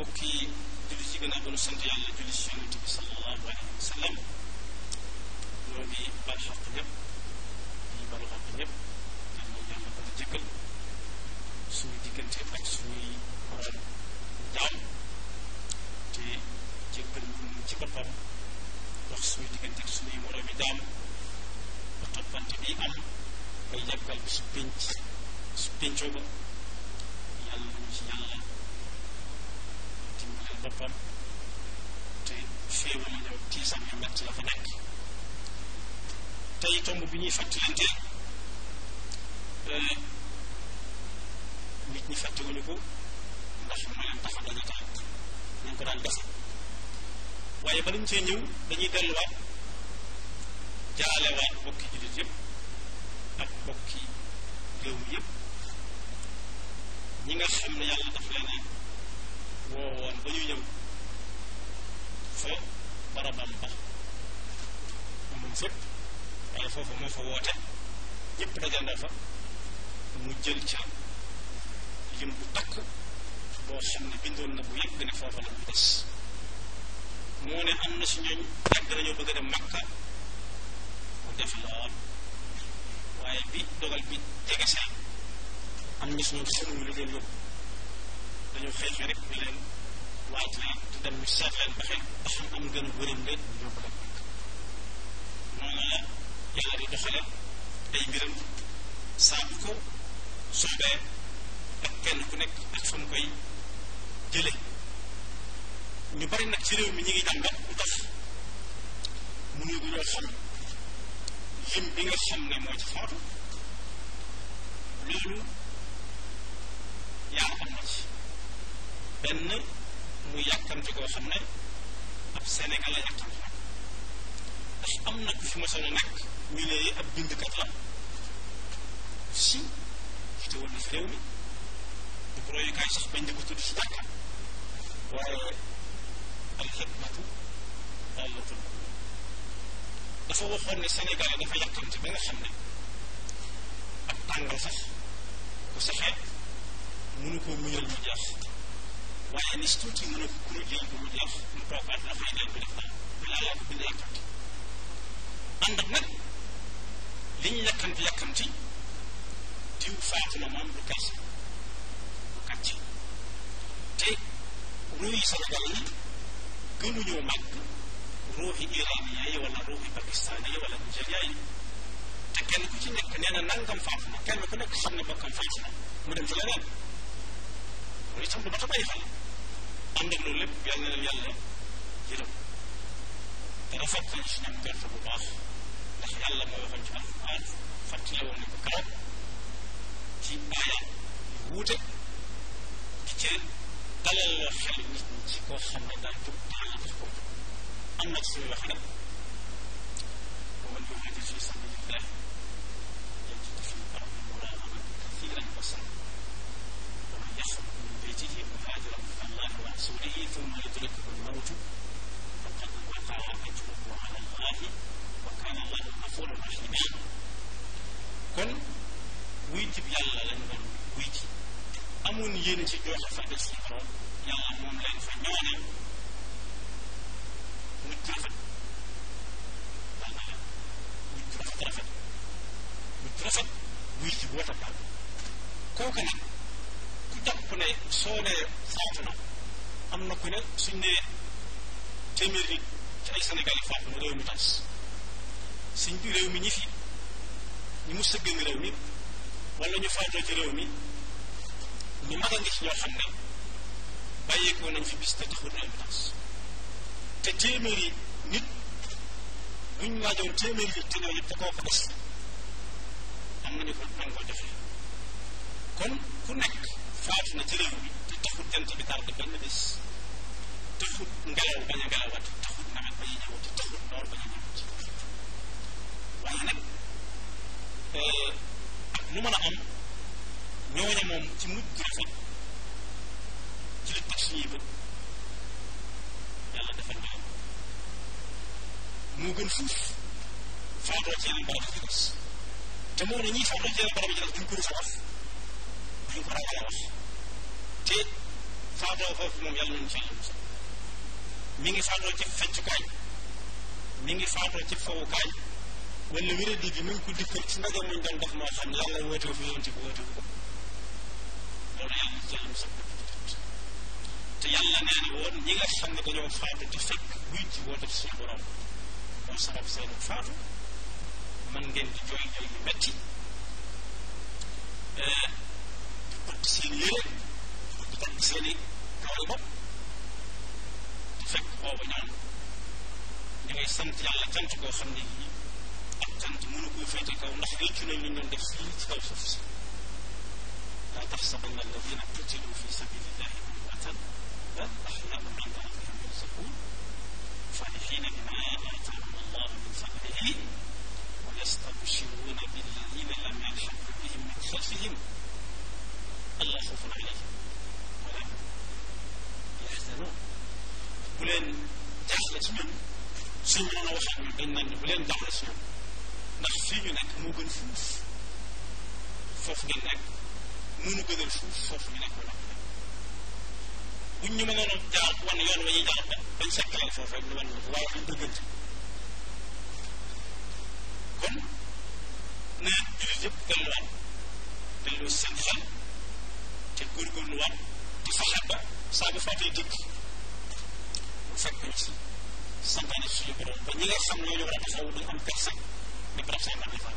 mbokk yi ci gën a doon sant yàlla julli ci yonent bi sallallahu alayhi wa sallam ñoo ngi bal xaq ñëpp di bal ko di jëkkal suñu diggante ak suñuy waral jaam te ba toppante bi am bay yàggal bi su pénc su péncoo ba yàlla ñu ci yàlla boppam te féewal yi ak tiisam yu métti la fa nekk tey tomb bi ñuy fàttalanteel euh, nit ñi fàttewuñu ko ndax moo leen tax a daje taal ñu ko daan defe waaye ba dañ cee ñëw dañuy delluwaat jaalewaat bokki jullit yëpp ak bokki réew yëpp ñi nga xam ne yàlla daf leen woo woon ba ñu ñëw fa barabam ba moom fépp waaye foofu moo fa woote ñëpp dajandal fa mu jël ca lim bu takk boo xam ne bindoon na bu yàgg ne foofa la mu des moo ne am na si ñooñ yàgg nañoo bëgg a dem Makka mu def lool waaye bi dogal bi tegesee am na si ñoom sënuñu li yóbbu dañoo fees rek ñu leen waaj leen te dem leen ba xëy ba am gën a gërëm leen ñoo ko dem noonu yàlla di doxale ay mbiram saa ko soobee ak kenn ku nekk ak fa mu koy jële ñu bari nag ci réew mi ñu ngi jàmbat lu tax mënu gu ñoo xam lim bi nga xam ne moo ci faatu loolu benn mu yàkkamti koo xam ne ab Sénégal la yàkkam ndax am na fi ma soon a nekk ñu ne ab la si te woon na fi réew mi du royukaay sax bañ di ko tudd si jàkka waaye alxidmatu amatul dafa waxoon ne Sénégal dafa yàkkamti ba nga xam ne ab tàngal sax ku saxee mënu ko muñal mu jeex waaye ni si tuuti mën a mën a jël bu mu def mu toogaat dafay daan ko def daal balaa yaa ko bind yàkkamti ànd ak nag li ñu yàkkamti yàkkamti diw faatu na moom du kàcce du kàcce te ruux yi Sénégal yi gënuñoo màgg ruuxi iraniya yi wala ruuxi pakistan yi wala nigéria yi te kenn ku ci nekk nee na nangam faatu na kenn ku nekk xam ne bokkam faatu na mu dem ci leneen loolu itam lu ma ta bàyyi xel ànd ak loolu lépp yàlla na leen yàlla yërëm dana fàttali si ñoom perte bu baax ndax yàlla moo waxoon ci alquran fàttali woon nañ ko karam ci aayaat wuute ci dalal la xel nit ñi ci koo xam ne daal jub daal la ko am na ci suñu wax nag wa man yuhadi fi sabilillah génn ci jooju fàtte suñu nag ku jàpp ne soo nee faatu na am na ku ne suñ ne téeméer ci ay Sénégalais faatu na réew mi tas suñ bi réew mi ñi fi ñu mu sëgg réew mi wala ñu faatoo ci réew mi ñu mag a ngi ci ñoo xam ne bàyyeekoo nañ fi bis te taxul na ambulance nit buñ laajoon ko des am nañu ko am ko joxe kon bañ a ngelawaat taxut nawet bañ a bañ a ñëwati waaye nag euh, ak lu mën a am ñooñu moom ci mujj gu rafet ci la teg suñuy bët yàlla defal ñoom moo gën fuuf faatoo ci yeneen barab yi des te moo ne ñii faatoo ci yeneen barab yi des duñ ko rus a wax duñ a ci yàlla musal mi ngi faatoo ci feccukaay mi ngi faatoo ci fawukaay ngi ko dikkal ci ndaje muñ doon def moo xam yàlla wootewu fi yonti ko wootewu ko alquran te yàlla nee na woon ñi nga xam ne dañoo faatu te fekk buñ ci woo def suñu borom moo sabab seen faatu mën ngeen di jooy jooy yu metti eh, di pakk seen yére di pakk seen i kawal te fekk booba koo xam ne ak cant mënu koo féete kaw ndax réccu nañ li ñu doon ci kaw suuf si لا تحسبن الذين قتلوا في سبيل الله أمواتا بل أحياء عند ربهم يرزقون فرحين بما آتاهم الله من فضله ويستبشرون بالذين لم يلحقوا بهم من خلفهم ألا خوف عليهم ولا يحزنون بلين دخلت من suñ mën a waxaat ñun dañ naan bu leen daaw la si ñoom ndax fii ñu nekk moo gën fuuf foofu ngeen nekk mu bëggal fuuf foofu ñu nekk wala buñ ñu mënoon a jaar wan yoon wa ñuy jaar bañ sekkaleel foofu rek ñu wan ko waaye am bëggante kon na jullit yëpp delluwaat delloo seen xel te góorgóorluwaat te fexe ba saa bu fàttee dikk bu fekk ñu si santaane suñu borom ba ñi nga xam ñoo ñu war a taxawu duñ am personne ne personne am na fa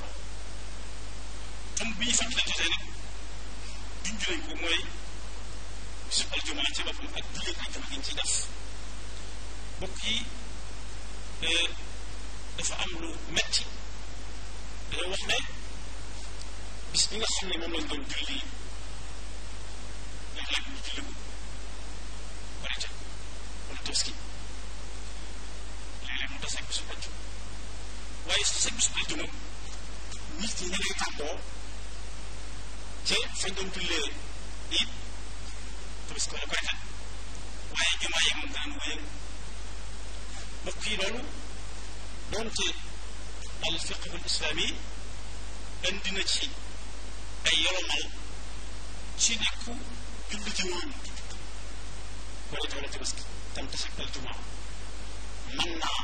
tomb bi ñu fàttalee rek junj nañ ko mooy bisu aljuma ci boppam ak jullit aljuma gi ñu ciy def mbokk euh, dafa am lu metti dañoo euh, wax ne bis bi nga xam ne moom lañ doon julli ñoom laaj ñu julli ko barata wala tabaski léeg-léeg mu des ak bisu aljuma waaye su ak bisu aljuma nit ñi ñu lay ca fañ doon jullee it parce que la koy xat waaye jumaa yi daan wéyal mbokk yi loolu doonte al fiqhul islaami indi ci ay yolomal ci nekku julli ji moom wala wala tabaski tam tasakal jumaa mën naa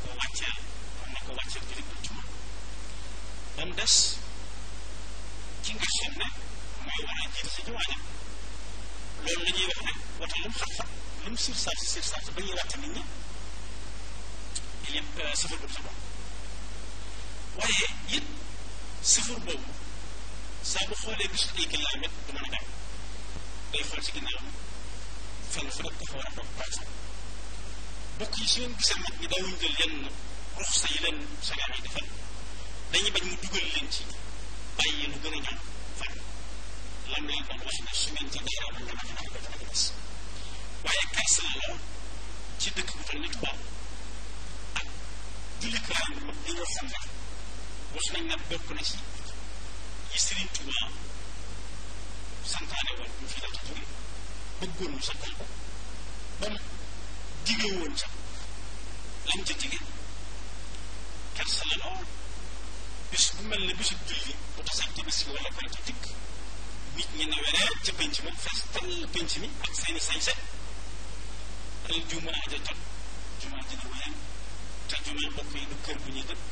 ko wàcceel mën na ko wàcceel julli bu jumaa ba des ci nga xam ne mooy war a jiitu si jumaa ja loolu la wax ne wata lu mu xat-xat lu mu surcharge surcharge ba ñuy wàcc nit ñi yëpp sëfar boobu sa bopp waaye it sëfar boobu saa bu xoolee gisul ay kilomètre du mën a dem day xool ci ginnaaw fenn fu nekk dafa war a toog par exemple bokk yi su ngeen gisee nag ñi daawuñ jël yenn ruxsa yi leen sagaam defal dañuy bañ mu dugal leen ci bàyyi lu gën a ñaaw faj lam leen wax ne su ngeen ci waaye kersa ci dëkk bu toll ni ak jullikaay bi nga xam ne nañ ne bokk na ci yi Sëriñ Tuuba santaane woon ñu fi la tudd bëggoon mu lañ ca jigee kersa bis bu mel ne bisu julli bu tasaat tabaski wala korite dikk nit ñi nawereer ca pénc ma fees tell pénc mi ak seeni sañse al jumaa ja jot jumaa ji na wareer te jumaa bokk yi du bu ñuy dëkk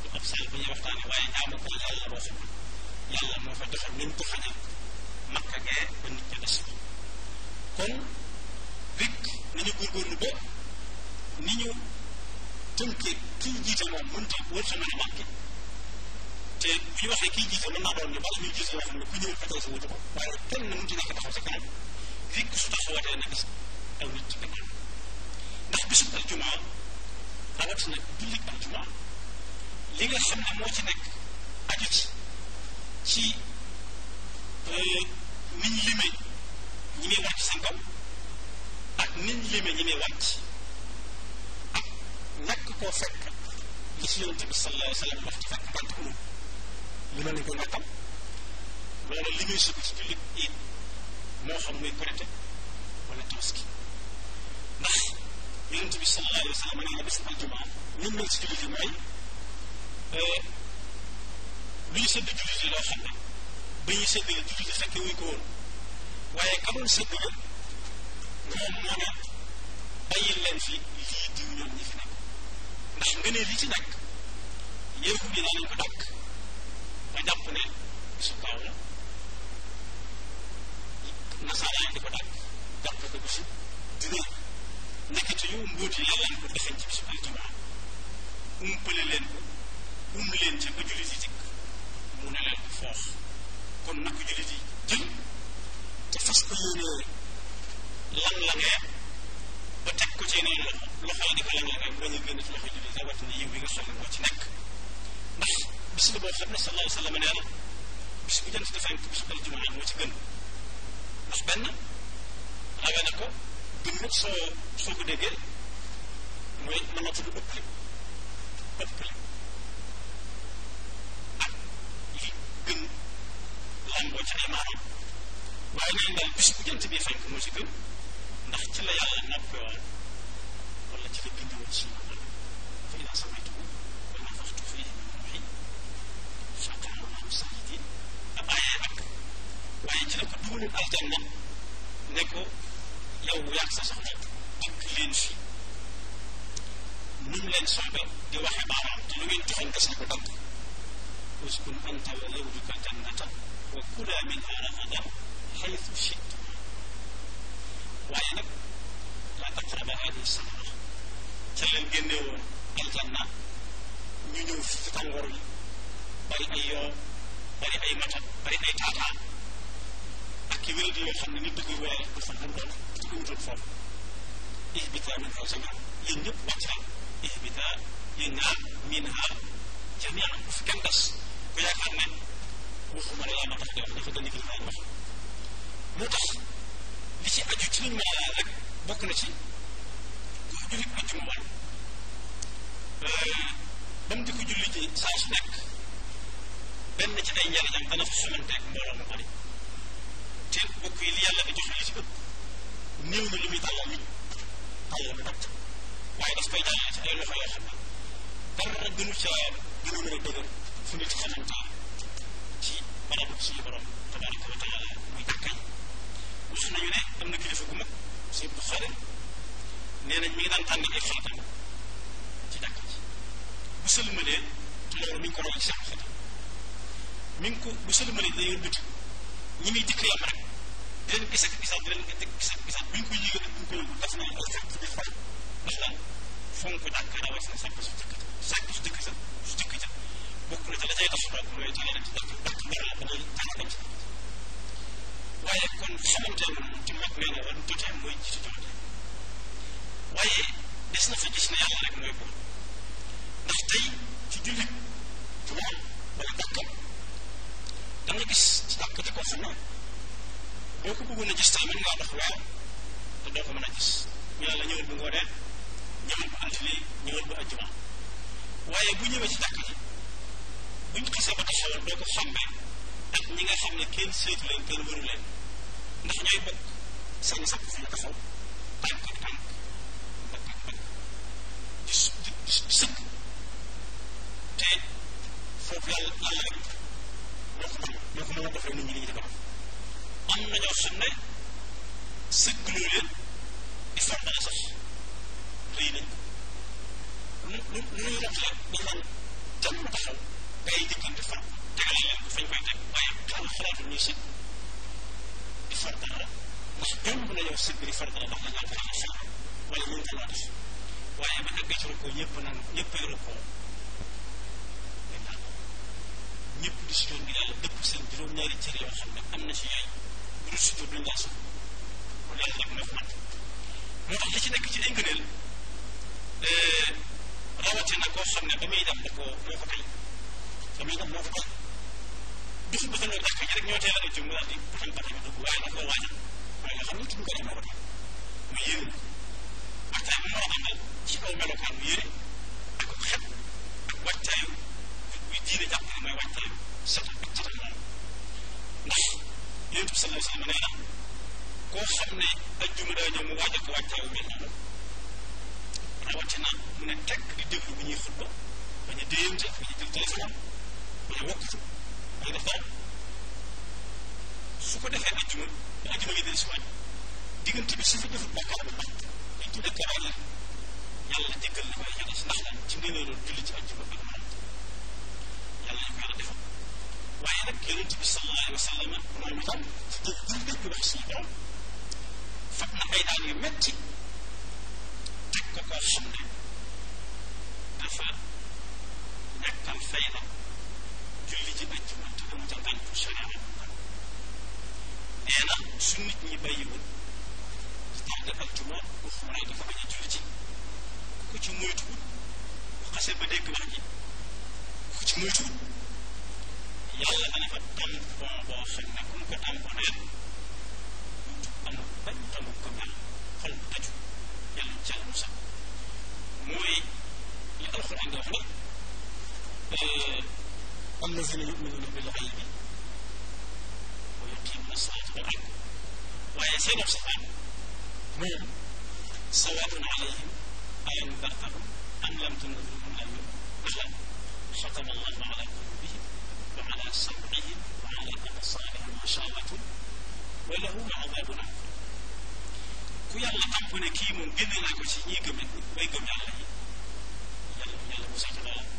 du ab saal waxtaane waaye jaamu ko yàlla boo fa yàlla moo fa joxe nañ ko xajal makka gee ba nit ñi des kon rek nañu góorgóorlu ba ni ñu tënkee kii jiite moom mënta wër sa mën a te bu ñu waxee kii jiite mën naa doon ne bala muy jiite yoo xam ne ku ñëwee fekkoon sa wutu ko waaye kenn mënut a ñàkk taxaw sa kanam rek su taxawaatee na gis aw nit ci li nga xam ne moo ci euh, niñ limee ñi ngay wàcc seen kaw ak niñ limee ñi ngay wàcc ak ñàkk koo fekk li si yonent bi sallallahu alayhi wa wax ci fekk bant ko mën nañu ko loolu li ngay sukk ci jullit it moo xam muy korite wala tabaski ndax yonent bi sallallahu alayhi na bis aljumaa ñu mel ci jullit yi mooy eh, lu ñu sëdd jullit loo xam ne ba ñuy sëdd jullit yi fekke wuñ ko woon waaye ka doon sëdd moom moo naan bàyyil leen fi lii diw ñoom ñi fi nekk ndax nga ne li ci nekk yéen ñu naan ko dàkk. nga jàpp ne bisu kaw la nasaraan di ko dàq jàpp ko bisu dinañ nekkati yu mbóot yi yàlla ñu ko defañ ci bisu aljumaa umpale leen ko um leen ca ba jullit yi dikk mu ne leen ko foox kon nag jullit yi jël te fas ko yéenee lan la ngee ba teg ko ci yeneen loxo yi di ko bi nga ci nekk ndax bis la boo xam ne sallallahu alayhi nee na bis bu jënd dafay bis bu aljuma nag moo ci gën ndax benn rawee na ko gën na soo soo ko déggee mooy mën na tudd ci ay maanaam waaye nee daal bis bu jënt bi fenk moo ci gën ndax ci la yàlla nappee woon wala ci la bindoo ci maanaam fay naa samay tugu amulul aljanna ne ko yow yàq sa soxna fi nu mu leen soobee di waxe baaraam te lu ngeen a ko sax ko dagg uskun anta wa zawjuka jannata wa kulaa minha ragadan xaytu shituma waaye nag laa taqraba hadihi samara ca leen génne woon aljanna ñu ñëw fi ci tàngoor yi bari ay yoo bari ay mata ci wéradi yooyu xam ne nit da koy wéyale ko fan ba mu doon su foofu ihbita min ha jamian yéen ñëpp wàcc na ihbita yéen ñaar min ha jamian fi kenn ku yaakaar ne a gën a wax moo tax li ci aju ci liñ ma rek bokk na ci ku jullit ajjuma war euh, saa su nekk benn ci ay njariñam dana fa xamante ak mbooloo mu bari te bokk yi li yàlla di joxe li ci ëpp néew na lu muy tàllal nit ñi tàllal daf koy jàllale ci ay loxo yoo xam ne dara gënu ca gën a mën a dëgër fu nit xamantaa ci barabu suñu borom tabaraka nañu ne am kilifa gu mag sëñ bu xaare nee mi ngi daan tànn ay xaatam ci sëlmalee te ngi ko roy ci sax xatam mi ngi ko bu sëlmalee day yëngatu ñi muy jëkk yam rek di leen gis ak gisaat di leen gis ak gisaat bu ñu koy yëgal bu ñu koy yëgul def nañ ay xeet ci biir xol ndax lan fonk jàkk rawatina sàkk su jëkk sàkk su jëkk sa su jëkk ja bokk na ca la cay tasu bopp mooy jëlee nag dàkk dàkk ndar la dana tàng dem ci waaye kon xamantee moom ci mag nee na war jotee mooy jiitu joxe waaye des na fa gis ne yàlla rek mooy bon ndax tey ci jullit ci moom wala dàkkam da nga gis ci dàkk di ko xam naa boo ko bëggoon a gis sax mën dox waaw te doo ko mën a gis ñu naan la ñëwal bu ngoonee ñëwal bu altine ñëwal waaye bu ñëwee ci jàkka ji buñ xasee ba taxawal doo ko xàmbee ak ñi nga xam ne kenn seetu leen kenn waru leen ndax ñooy bokk seen sapp fu ñu taxaw tànk ak foofu yàlla yàlla rek moo ko mën moo ko mën a defee nit ñi li ñu ko def am na ñoo xam ne sëkk loo leen islam dana sax rëy nañ ko lu lu lu ñuy rot leen dañ naan jàmm taxaw ngay diggante fan tegalee leen ko fañ koy teg waaye xel xalaatu ñuy sëkk di far dara ndax jomb nañoo sëkk di far dara ndax dañ naan faral xel wala ñu ngi def waaye ba àggee ci rukkoo ñëpp naan ñëpp ay rukkoo ñëpp di si yoon bi yàlla dëpp seen juróom-ñaari cër yoo xam ne am na ci yooyu ngir sutur du moo tax li ci nekk ci ay ngëneel eh, rawatina koo xam ba muy dem da moo ko tey ba muy dem moo ko tey bis bu sa ñoo jàkk ji rek ñoo teel a jóg mu daal di putal bata bi dugg waaye da koo nga xam ne tudd ko rek moo ko tey mu yéene waxtaan bi moo àndal ci aw ak xet ak wàccaayu buy diine jàpp ne mooy wàccaayu set ak setal moom ndax yonent bi sallallahu alayhi wa sallam nee na koo xam ne ajjuma daa ñëw mu waaj ak wàccaay mel noonu rawatina bu ñuy xutba bañ a déyante bañ a a wokkutu bañ a def dara su ko defee ajjuma ba ajjuma dee si waaj diggante bi su fa defut bàkkaar bu mag dañ tuddee teraay la yàlla jéggal na ko ay ndax lan ci ngëneelu julli ci ajjuma ak moom ñu ko yàlla defal waaye nag yonent bi sallallahu alayhi wa sallam moom itam ci dëgg ci dëgg wax suñu borom fab na ay daan yu metti teg ko koo xam ne dafa ñàkkal fayda julli ji ajjuma te dama ca daan ko charia nee na su nit ñi bàyyiwul ci tàgg ajjuma bu xuuree dafa bañ a julli ji ku ci moytuwul bu xasee ba dégg wax ji ku ci moytuwul yàlla dana fa tampon boo xam ne ko tamponaat amul bañ xamul ko xol bu tëju yàlla ci mu sax mooy li alxuraan di wax ni euh, allazina yuminuuna bil xaybi wa yuqimuuna salaata wal ak waaye seen wax saxaan moom sawaatun alayhim ayanbartahum am lam tundir ci si ñiy gëm bay gëm yàlla yi yàlla yàlla bu sax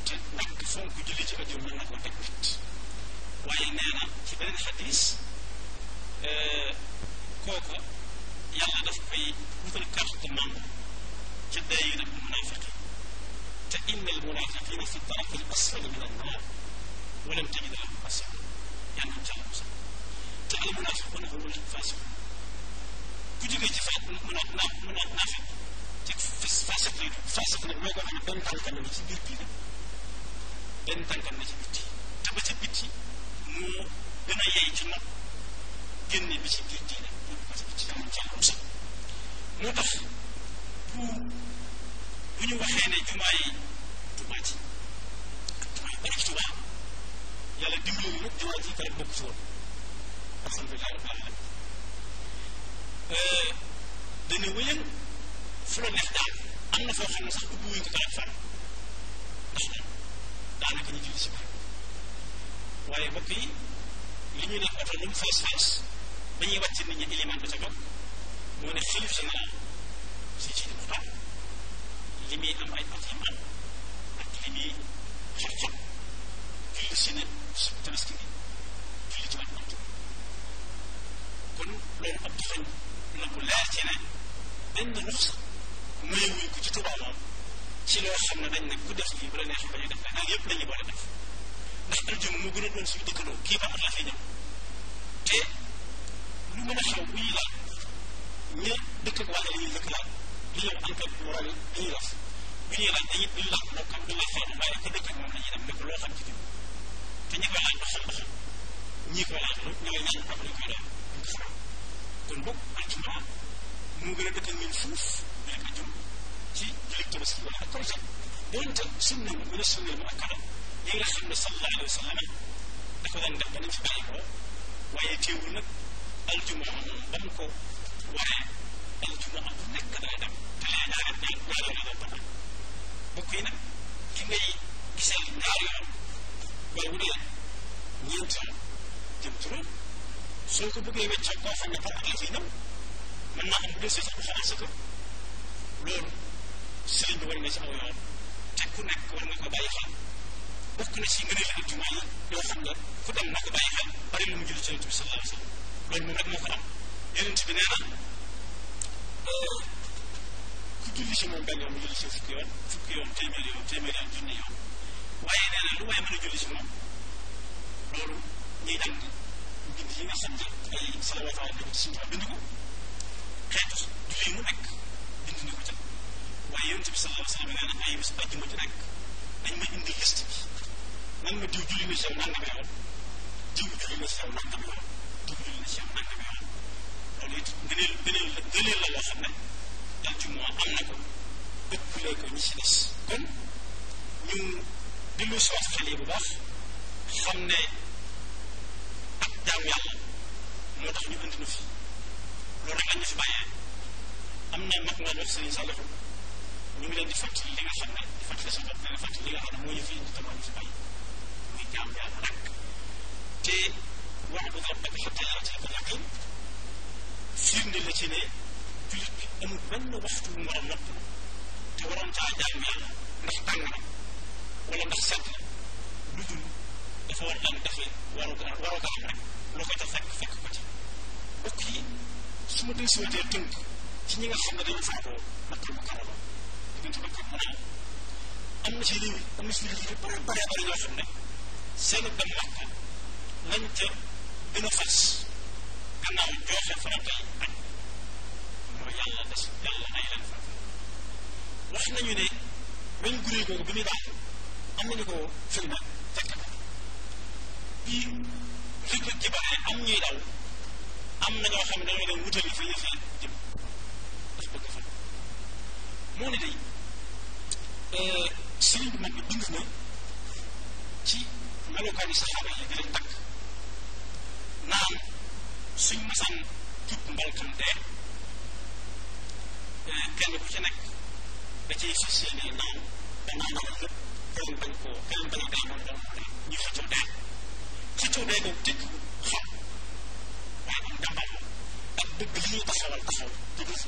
te ñàkk fonk julli ci ajjuma mën na ko teg nit waaye nee ci beneen xadis euh, kooku yàlla daf koy wutal carte de membre ca daayira bu munaafiq te inna al munaafiqina fi daraki al asfali min annaar walam tajid lahum ku jógee ci faat mu ci fas fasik lay nag mooy koo xam ne benn tànkam na ci biir bii benn tànkam na ci bitti te ci bitti moo gën a yey ci nopp génne bi ci biir diine yóbbu ko ci sax moo tax bu bu ñu waxee ne jumaa yi jumaa yi bari ci yàlla dimbali ñu nag jumaa ji kër bokk ci woon alhamdulilah rabbil alamin dañu wëyal fu la neex daal am na foo xam ne sax bëgg wuñ ko ko def far ndax nag daanaka ñu si bari waaye bopp yi li ñu ne oto lu mu fees fees dañuy wàcc nit ñi iliman ba ca bopp moo ne xilif si ci muxtaar li muy am ay at yim am ak li muy xar-xar julli si ne na ne benn may wuñ ko ci Tuubaa ci loo xam ne dañ ne ku def lii bu la neexee bañ a def leneen yëpp dañuy boole def ndax aljuma mu gën a doon suñu dëkkandoo kii ba at la fi ñëw te lu mën a xew bu ñuy laal ña dëkk ak waa la dëkk laal li ñëw enquête bu waral li laaj dañuy laaj mbokkam du laaj sunna mu akkada yi nga xam ne sallallahu alayhi wa sallam da ko daan def ba nag aljumaa moom ba ko waree aljumaa bu nekk dana dem te lee ñaari ñaari ñaari yoon ba nag bokk yi nag ki ngay gisal ñaari yoon waaye bu dee ñeent yoon jëm juróom soo ko bëggee weccoo koo xam ne par ak la fiy ñëw mën naa am bu dee si sax bu xalaat si ko loolu war na si aw yoon ku nekk war nga ko bàyyi xel bokk na si ngëneel aljuma yi yoo xam ne ku dem na bàyyi xel bari lu mu jël ci yonent bi sallallahu euh, waaye nee lu waaye mën a julli si moom loolu ñuy jàng bind bind ko xeetu julli mu nekk bind na ko ca waaye yonent bi sallallahu wa sallam nee na ay bis àjjuma ju dañ ma indi liste bi nan ma diw julli na ci la gëneel la loo xam ne àjjuma am na ko ëppalee ko ñi ci des kon ñu dellu soos xel yi bu baax xam ne ak jaam yàlla moo tax ñu indi na fi loolu rek lañ ñu fi bàyyee am na mag naa def sëriñ Saliou ñu ngi leen di fàttali li nga xam ne di fàttali sa bopp ne fàttali li nga xam ne moo ñu fi indi te moo ñu fi bàyyi muy jaam yaa ak te wa'bud rabbaka hattaa ya'tiyakal yaqiin firnde la ci ne jullit bi amul benn waxtu bu mu war a nopp te waroon caa jaam yàlla ndax tàng na wala ndax sedd na lu dul dafa war daan defee waru waru garam rek loo ko ca fekk fekk ko ci bokk yi su ma dee si tënk ci ñi nga xam ne dañu faatoo Makka Mukarrama diggante bi mu ne am na ci réew am na ci réew bare bare bare ñoo xam ne seen dem Makka lañ ca gën a fas gannaaw joxe farata yi ak mooy yàlla des yàlla ay nañu ne am nañu ko filmé fekk bii léeg-léeg ci am ñuy daw am na ñoo xam ne dañoo dem wutali fa yëf yi jëm moo ne day sëriñ bi moom it bind na ci melokaani saxaaba yi di leen takk naan suñ masaan jub mbalkam dee eh, kenn ku ci nekk da ciy fas yéene naan ba naanal lépp kenn bañ koo moom doon mu ñu xëccoo dee xëccoo dee boobu tekk xam waaye am jàmbaar la ak dëgg li taxawal taxaw te du fi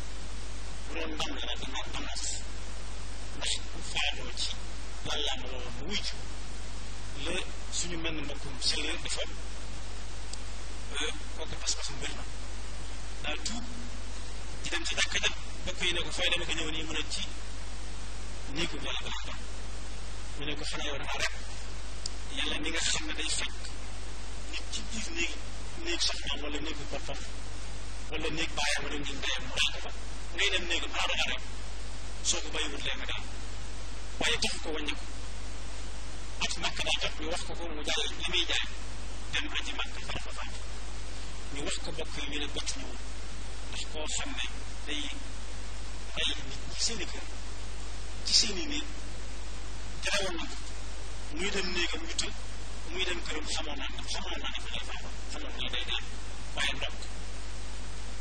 loolu ndam la rek ak amas ndax faatoo suñu mel ni mbokkum yi ne ko fooy dama ko ñëw nii mën a ci néegu yàlla ba laa mu ne ko xanaa yow daa rek yàlla ni nga xam ne day fekk nit ci néeg néeg soxnaam wala néegu boppam wala néeg bàyyam wala néeg ndeyam daa ko fa ngay dem néegu paaru arab soo ko bàyyiwut leen daal waaye taxu ko wàññi ko at màkk daa jot ñu wax ko ko mu jàll li muy jaay dem aji màkk farafa ko bokk yi ñu ne nit ci seeni kër ci seeni néeg terewoon na muy dem néegam ñu muy dem këram xamoon naa ne xamoon naa ne fa lay faatoo xamoon ne day dee waaye ndokk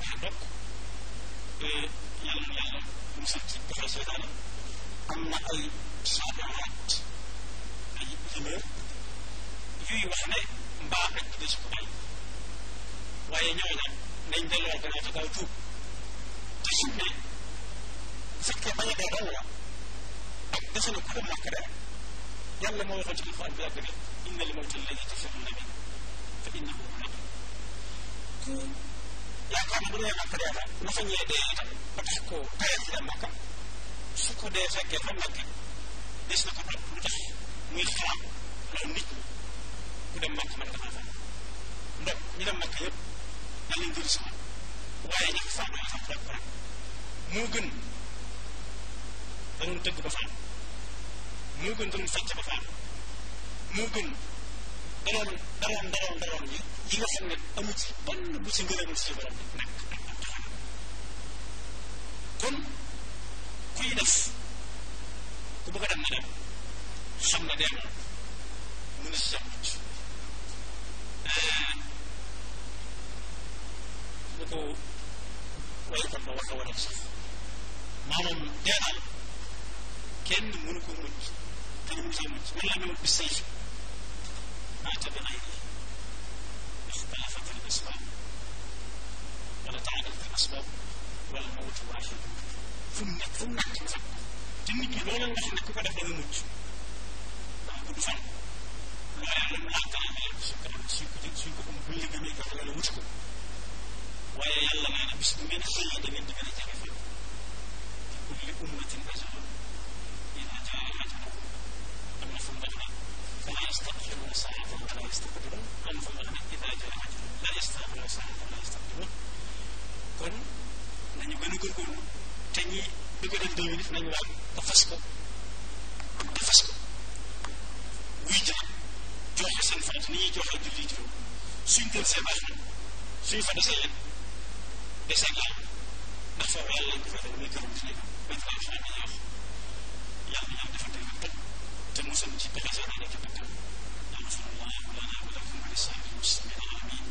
waaye ndokk eh, yàlla musal ci pexe am na ay saabawaat ay rumeur yuy wax ne mbaa ak des ko ay waaye ñooña nañ delloo gannaaw te gaaw tuub te suuf ne bu fekkee bañ a dee dong la ak dese na ku ko màkk dara yàlla moo waxoon ci alxuraan bu yàgg ne inna li mawti alladi tafirruuna min fa innahu mulaqiikum yaakaar ne bu dee màkk dee fa bu fa ñëwee dee itam ba ko tayal ci dem màkka su ko dee fekkee fa màkk des na ko topp muy xaraam loolu nit ñi ku dem màkk mën nga faa ndox ñu dem màkk yëpp dañ leen jëriñ waaye ñu faa xam rek ko rek moo gën dañu tëgg ba faa moo gën daloon daloon daloon daloon yi yi nga xam ne amu bu ci ngërëmul suñu borom nekk ak kon kuy def ku bëgg a dem na dem xam ne dee moom mën na si jàpp bu eh, ko waykat ba war a waral sax maanaam dee daal kenn mënu ko mucc te mënu cee mucc man laa ñëw bis مات بغيره اختلفت الأسباب ولتعارضت الأسباب والموت واحد fu nekk fu nekk te nit ñi loolu ndax nag ku ko def da nga mucc waaw la laata amee suñ ko def suñ ko jël suñ ko ko buñ la gëmee jox la wuti ko waaye yàlla nee na bis bu ngeen xëyee da ngeen di gën def nañu daal te fas ko te fas ko wuy jël joxe seen farat suñ gën see baax na suñ fa desee leen desee laal ndax foofu yàlla lañ ko fekk muy gërëm di nekk béykat yi xam nañu te musal ci pexe soo nekk ci bëgg yàlla sunu laa yàlla laa yàlla